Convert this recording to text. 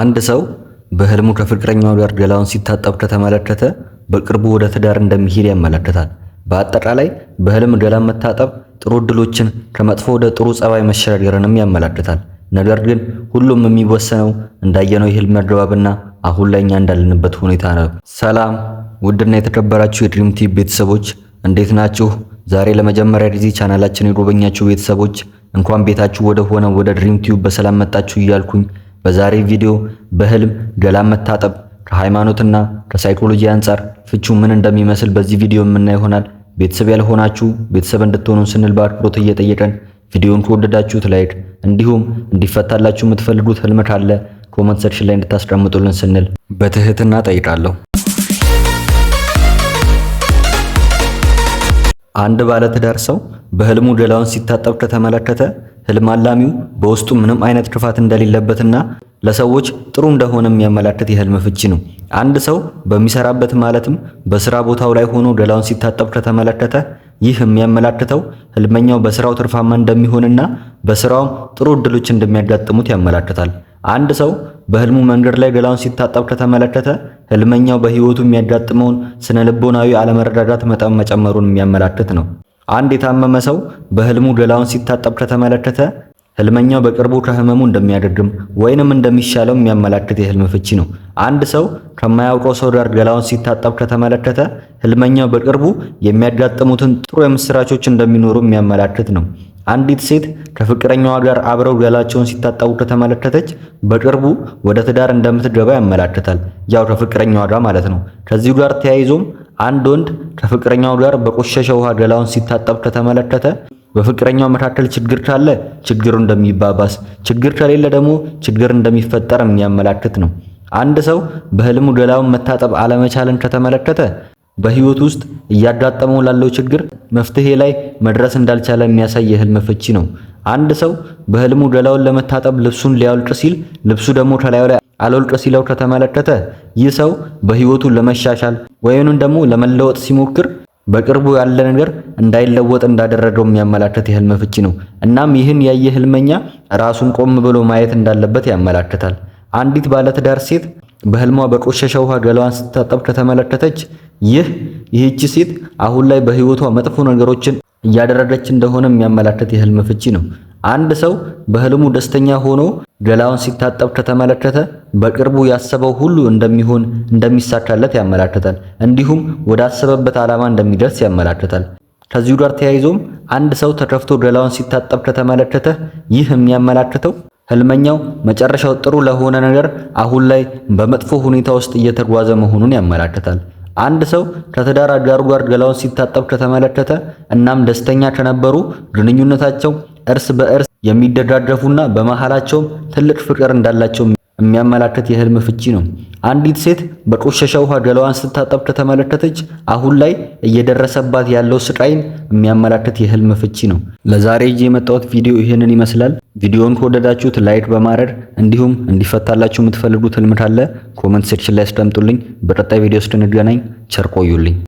አንድ ሰው በህልሙ ከፍቅረኛው ጋር ገላውን ሲታጠብ ከተመለከተ በቅርቡ ወደ ትዳር እንደሚሄድ ያመለክታል። በአጠቃላይ በህልም ገላን መታጠብ ጥሩ እድሎችን ከመጥፎ ወደ ጥሩ ጸባይ መሸጋገርንም ያመለክታል። ነገር ግን ሁሉም የሚወሰነው እንዳየነው የህልም አገባብና አሁን ላይ እኛ እንዳለንበት ሁኔታ ነው። ሰላም ውድና የተከበራችሁ የድሪም ቲቪ ቤተሰቦች እንዴት ናችሁ? ዛሬ ለመጀመሪያ ጊዜ ቻናላችን የጎበኛችሁ ቤተሰቦች እንኳን ቤታችሁ ወደ ሆነ ወደ ድሪም ቲዩብ በሰላም መጣችሁ እያልኩኝ በዛሬ ቪዲዮ በህልም ገላን መታጠብ ከሃይማኖትና ከሳይኮሎጂ አንጻር ፍቹ ምን እንደሚመስል በዚህ ቪዲዮ የምናይ ይሆናል። ቤተሰብ ያልሆናችሁ ቤተሰብ እንድትሆኑን ስንል በአክብሮት እየጠየቀን ቪዲዮን ከወደዳችሁት ላይክ፣ እንዲሁም እንዲፈታላችሁ የምትፈልጉት ህልም ካለ ኮመንት ሴክሽን ላይ እንድታስቀምጡልን ስንል በትህትና ጠይቃለሁ። አንድ ባለትዳር ሰው በህልሙ ገላውን ሲታጠብ ከተመለከተ ህልም አላሚው በውስጡ ምንም አይነት ክፋት እንደሌለበትና ለሰዎች ጥሩ እንደሆነ የሚያመላክት የህልም ፍቺ ነው። አንድ ሰው በሚሰራበት ማለትም በስራ ቦታው ላይ ሆኖ ገላውን ሲታጠብ ከተመለከተ ይህ የሚያመላክተው ህልመኛው በስራው ትርፋማ እንደሚሆንና በስራውም ጥሩ እድሎች እንደሚያጋጥሙት ያመላክታል። አንድ ሰው በህልሙ መንገድ ላይ ገላውን ሲታጠብ ከተመለከተ ህልመኛው በህይወቱ የሚያጋጥመውን ስነ ልቦናዊ አለመረጋጋት መጠን መጨመሩን የሚያመላክት ነው። አንድ የታመመ ሰው በህልሙ ገላውን ሲታጠብ ከተመለከተ ህልመኛው በቅርቡ ከህመሙ እንደሚያገግም ወይንም እንደሚሻለው የሚያመላክት የህልም ፍቺ ነው። አንድ ሰው ከማያውቀው ሰው ጋር ገላውን ሲታጠብ ከተመለከተ ህልመኛው በቅርቡ የሚያጋጥሙትን ጥሩ የምስራቾች እንደሚኖሩ የሚያመላክት ነው። አንዲት ሴት ከፍቅረኛዋ ጋር አብረው ገላቸውን ሲታጠቡ ከተመለከተች በቅርቡ ወደ ትዳር እንደምትገባ ያመላክታል። ያው ከፍቅረኛዋ ጋር ማለት ነው። ከዚሁ ጋር ተያይዞም አንድ ወንድ ከፍቅረኛው ጋር በቆሸሸ ውሃ ገላውን ሲታጠብ ከተመለከተ በፍቅረኛው መካከል ችግር ካለ ችግሩ እንደሚባባስ፣ ችግር ከሌለ ደግሞ ችግር እንደሚፈጠር የሚያመላክት ነው። አንድ ሰው በህልሙ ገላውን መታጠብ አለመቻልን ከተመለከተ በህይወት ውስጥ እያጋጠመው ላለው ችግር መፍትሄ ላይ መድረስ እንዳልቻለ የሚያሳይ የህልም ፍቺ ነው። አንድ ሰው በህልሙ ገላውን ለመታጠብ ልብሱን ሊያወልቅ ሲል ልብሱ ደግሞ ከላዩ ላይ አልወልቅ ሲለው ከተመለከተ ይህ ሰው በህይወቱ ለመሻሻል ወይንም ደግሞ ለመለወጥ ሲሞክር በቅርቡ ያለ ነገር እንዳይለወጥ እንዳደረገው የሚያመላክት የህልም ፍቺ ነው። እናም ይህን ያየ ህልመኛ ራሱን ቆም ብሎ ማየት እንዳለበት ያመላክታል። አንዲት ባለትዳር ሴት በህልሟ በቆሸሸ ውሃ ገላዋን ስታጠብ ከተመለከተች ይህ ይህቺ ሴት አሁን ላይ በህይወቷ መጥፎ ነገሮችን እያደረገች እንደሆነ የሚያመላክት የህልም ፍቺ ነው። አንድ ሰው በህልሙ ደስተኛ ሆኖ ገላውን ሲታጠብ ከተመለከተ በቅርቡ ያሰበው ሁሉ እንደሚሆን እንደሚሳካለት ያመላክታል። እንዲሁም ወዳሰበበት ዓላማ እንደሚደርስ ያመላክታል። ከዚሁ ጋር ተያይዞም አንድ ሰው ተከፍቶ ገላውን ሲታጠብ ከተመለከተ ይህ የሚያመላክተው ህልመኛው መጨረሻው ጥሩ ለሆነ ነገር አሁን ላይ በመጥፎ ሁኔታ ውስጥ እየተጓዘ መሆኑን ያመላክታል። አንድ ሰው ከትዳር አጋሩ ጋር ገላውን ሲታጠብ ከተመለከተ እናም ደስተኛ ከነበሩ ግንኙነታቸው እርስ በእርስ የሚደዳደፉና በመሃላቸውም ትልቅ ፍቅር እንዳላቸው የሚያመላክት የህልም ፍቺ ነው። አንዲት ሴት በቆሸሸ ውሃ ገላዋን ስታጠብ ከተመለከተች አሁን ላይ እየደረሰባት ያለው ስቃይን የሚያመላክት የህልም ፍቺ ነው። ለዛሬ ይዤ የመጣሁት ቪዲዮ ይህንን ይመስላል። ቪዲዮውን ከወደዳችሁት ላይክ በማድረግ እንዲሁም እንዲፈታላችሁ የምትፈልጉት ህልም ካለ ኮመንት ሴክሽን ላይ አስቀምጡልኝ። በቀጣይ ቪዲዮ እስክንገናኝ ቸር ቆዩልኝ።